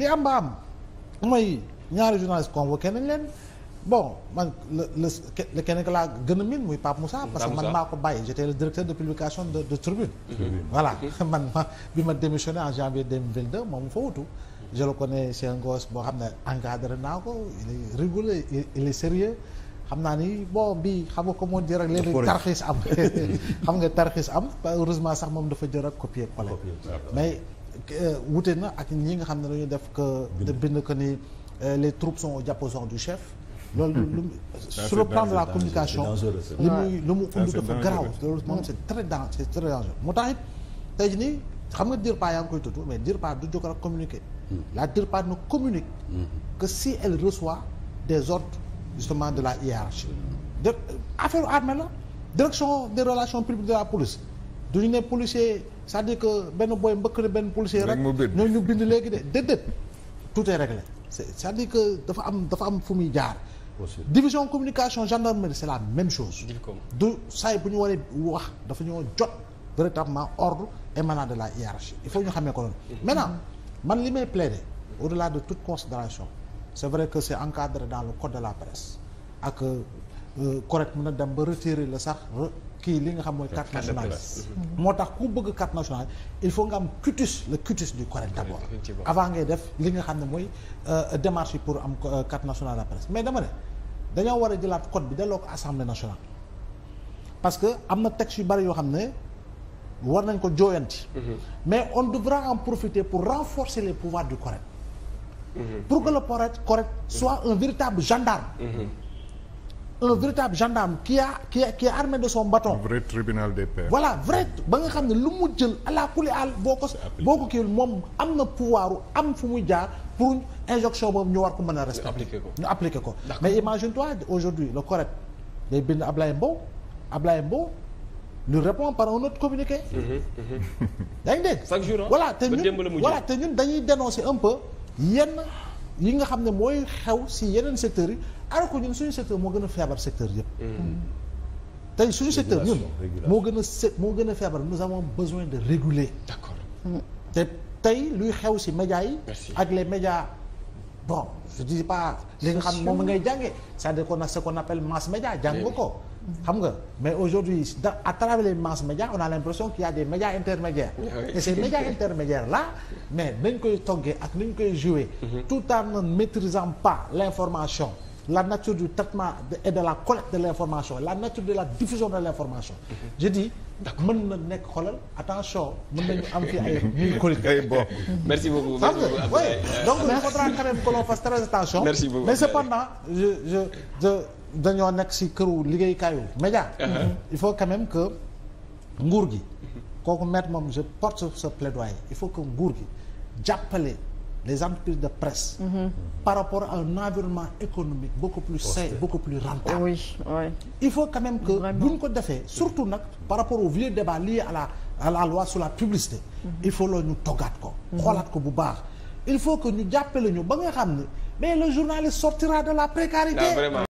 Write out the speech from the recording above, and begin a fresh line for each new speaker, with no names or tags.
li am ba am mooy ñaari journaliste convoqué nañ leen bon man la la la keneen laa gën a miin muy Pape Moussa. parce que man maa ko bàyyi j'étais le directeur de publication de de Tribune. voilà man ma bi ma démissionné en janvier 2022 moom fa wutu. je le connais c'est boo xam ne encadré naa ko il est rigoureux il est sérieux xam naa ni bon bi xam nga comment dire rek léegi tarxiis am xam nga tarxiis am heureusement sax moom dafa jër ak copier coller Euh, wute na ak ñi nga xam ne dañuy def que bind que ni euh, les troupes sont aux diapasons du chef hmm. loolu lu sur le plan de la communication li muy lu mu undu dafa garaaw loolu moo tax it tey jii xam nga DIRPA yaa ngi koy tudd mais DIRPA du jóg rek communiquer hmm. la DIRPA ne communique hmm. que si elle reçoit des ordres justement de la hiérarchie de euh, affaire armée la direction des relations publiques de la police duñu ne policier c'est-à-dire que benn booy mbëkk na benn policier rek ñoo ñu bind léegi de déedéet tout est réglé cest dire que dafa am dafa am fu muy jaar division communication gendarmerie c'est la même chose du saa yi bu ñu waree wax dafa ñoo jot véritablement ordre émanant de la hiérarchie il faut ñu xamee ko noonu maintenant man li may plaider au la de toute considération c'est vrai que c'est encadré dans le code de la presse ak euh, correct mun a dem ba retirer la sax kii li nga xam mooy carte nationale mhm. moo tax ku bëgg carte nationale il faut nga am cutus le cutus du Corée d'abord avant ngay def li nga xam ne mooy euh, démarche yi pour am euh, carte nationale de presse mais dama ne dañoo war a jëlaat code bi delloo ko assemblée nationale parce que am na texte yu bari yoo xam ne war nañ ko jooyanti mhm. mais on devra en profiter pour renforcer les pouvoirs du Corée mhm. pour que le Corée Corée soit un véritable gendarme un véritable gendarme qui a qui a qui est armé de son bâton. Un vrai ba nga xam ne lu mu jël ala kulli àll boo ko. boo ko kiiwul moom am na pouvoir am fu muy jaar pour injonction boobu ñu war ko mën a respecter. ñu appliquer ko mais imagine toi aujourd'hui le correct day bind Ablaye Mbow Ablaye Mbow lui répond par un autre communiqué. Mhm, mhm. yaa ngi dégg. chaque te ñun dañuy dénoncer un peu yenn. yi nga xam ne mooy xew si yeneen secteurs yi alors que ñun suñu secteur moo gën a feebar secteur yëpp. Mm. tey suñu secteur ñun moo gën a se moo gën a feebar nous avons besoin de réguler. d'accord mm. te tey luy xew si médias yi. ak les médias bon je dis pas. li nga xam ne moom ngay jàngee c'est-à-dire qu'on a ce qu'on appelle mass média jàng ko. xam nga mais aujourd'hui à travers les masses médias on a l'impression qu'il y a des médias intermédiaires ah et ces médias intermédiaires là mais nañ koy toggee ak nañ koy jouer mhm. tout en ne maîtrisant pas l'information la nature du traitement de la collecte de l'information la nature de la diffusion de l'information mhm. je dis mën na nekk xoolal attention mën nañu am fi ay ñuy collègues. bon mhm. merci beaucoup. donc il faudra quand attention. merci beaucoup dañoo nekk si këru liggéeykaayu média uh-huh. il faut quand même que nguur gi kooku maître moom je porte ce plaidoyer il faut que nguur gi jàppale les entreprises de presse mm -hmm. par rapport à un environnement économique beaucoup plus sain beaucoup plus rentable oui, il faut quand que bu ko defee surtout nag par rapport au vieux débat lié à la à la loi sur la publicité uh-huh. il faut loolu ñu toggaat ko xoolaat ko bu baax il faut que ni jàppale ñu ba nga xam ne mais le journaliste